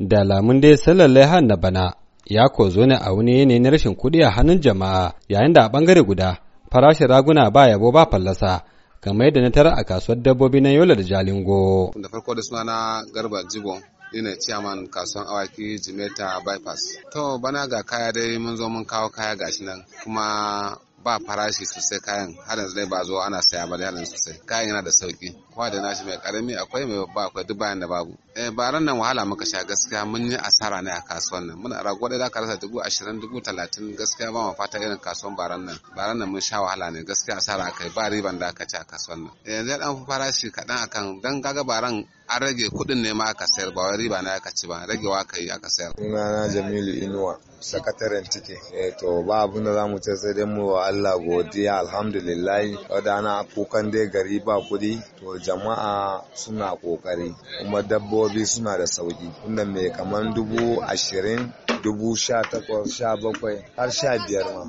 da lamun dai sallar laihan na bana ya ko zo ne a wani yanayin rashin kuɗi a hannun jama'a yayin da a ɓangare guda farashin raguna ba yabo ba fallasa kamar yadda na tara a kasuwar dabbobi na yola da jalingo. da farko da suna na garba jibo ni ne ciyaman kasuwan awaki jimeta bypass to bana ga kaya dai mun zo mun kawo kaya gashi nan kuma ba farashi sosai kayan har yanzu dai ba zo ana saya ba har yanzu sosai kayan yana da sauki kuma da nashi mai karami akwai mai babba akwai duk bayan da babu eh baran nan wahala muka sha gaskiya mun yi asara ne a kasuwan nan muna rago da zaka rasa dubu ashirin dubu talatin gaskiya ba mu fata irin kasuwan baran nan baran nan mun sha wahala ne gaskiya asara kai ba riban da aka ci a kasuwan nan eh, yanzu ya dan farashi kaɗan akan dan gaga baran an rage kuɗin ne ma aka sayar ba riba na aka ci ba wa ka yi aka sayar. Sunana Jamilu Inuwa. sakataren tike. eh to ba abin da zamu ce sai dai mu wa Allah godiya alhamdulillah ana kukan dai gari ba kudi to jama'a suna kokari kuma dabbobi suna da sauki inda mai kaman dubu ashirin dubu sha takwas sha bakwai har sha biyar ma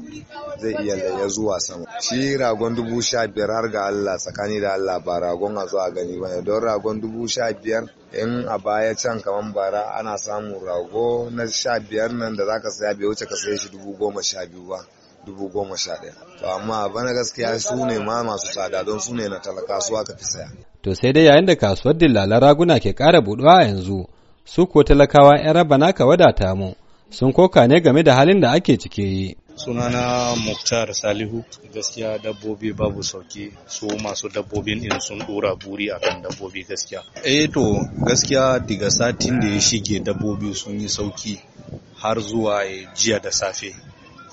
zai iya laye zuwa sama shi ragon dubu sha biyar har ga Allah tsakani da Allah ba ragon a zuwa gani ba don ragon dubu sha biyar in a baya can kamar bara ana samun rago na sha biyar nan da zaka saya bai wuce ka saye shi dubu goma sha biyu ba dubu goma sha ɗaya to amma bana gaskiya su ne ma masu tsada don su ne na su aka fi saya to sai dai yayin da kasuwar dillalan raguna ke ƙara buɗuwa a yanzu su ko talakawa 'yan raba naka wadata mu sun koka ne game da halin da ake cike yi sunana muktar salihu gaskiya dabbobi babu sauki su masu dabbobin in sun dora buri akan dabbobi gaskiya eh to gaskiya daga satin da ya shige dabbobi sun yi sauki har zuwa jiya da safe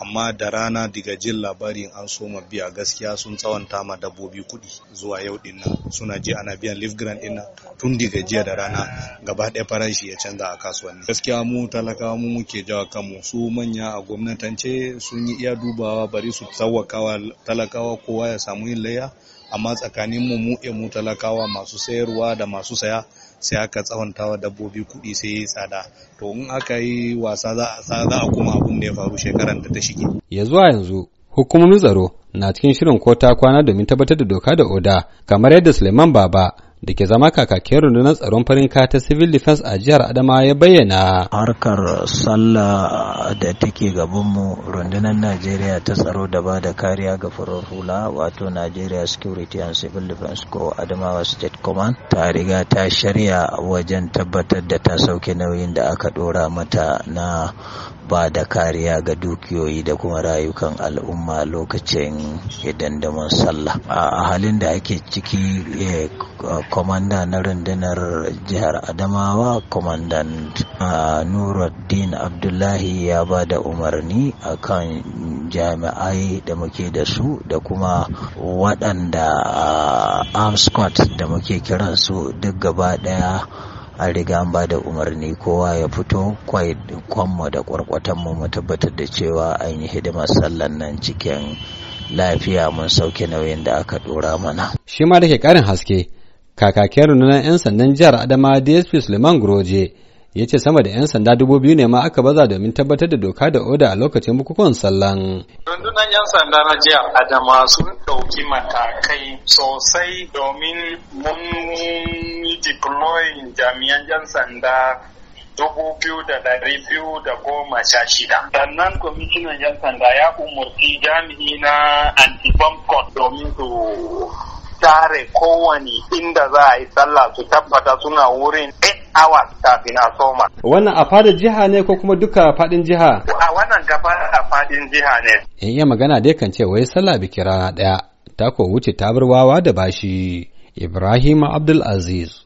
amma da rana daga jin labarin an so ma biya gaskiya sun tsawanta ma dabbobi kuɗi zuwa yau din suna je ana biyan leaf grant din tun daga jiya da rana gaba ɗaya farashi ya canza a kasuwanni gaskiya mu talakawa mu muke jawa kanmu su manya a gwamnatance sun yi iya dubawa bari su tsawakawa talakawa kowa ya samu yin layya amma tsakanin mu mu talakawa masu sayarwa da masu saya sai aka tsawanta wa dabbobi kuɗi sai ya yi tsada to in aka yi wasa za a kuma abun da ya faru shekaran da ta shige. ya zuwa yanzu hukumomin tsaro na cikin shirin ko ta kwana domin tabbatar da doka da oda kamar yadda suleiman baba da ke zama kakakin rundunar tsaron farin ta civil defense a jihar adama ya bayyana harkar sallah da take mu rundunar najeriya ta tsaro da ba da kariya ga farar hula wato najeriya security and civil defense ko adamawa state command ta riga ta shirya wajen tabbatar da ta sauke nauyin da aka dora mata na ba da kariya ga dukiyoyi da kuma rayukan al'umma lokacin idan da sallah a halin da ake ciki kwamanda eh, na rundunar jihar adamawa kwamandan nuruddin abdullahi ya ba da umarni a kan jami'ai da muke da su da kuma waɗanda amscot da muke kiransu duk gaba ɗaya an riga an ba da umarni kowa ya fito kwanmu da kwarkwatanmu mu tabbatar da cewa an yi hidimar sallan nan cikin lafiya mun sauke nauyin da aka dora mana. Shi ma da ke karin haske, kakakin rundunar 'yan sandan jihar Adama DSP Suleiman Guroje ya ce sama da 'yan sanda dubu biyu ne ma aka baza domin tabbatar da doka da oda a lokacin bukukuwan sallan. Rundunar 'yan sanda na jihar Adama sun ɗauki matakai sosai domin mun deploying jami'an 'yan sanda dubu biyu da dari biyu da goma sha shida. Sannan kwamishinan 'yan sanda ya umurci jami'i na anti domin su tare kowane inda za a yi sallah su tabbata suna wurin 8 hours kafin a soma. Wannan a fadin jiha ne ko kuma duka fadin jiha? A wannan gaba a fadin jiha ne. In iya magana dai kan ce wai sallah biki rana ɗaya, ta ko wuce tabarwawa da bashi. Ibrahim Abdulaziz.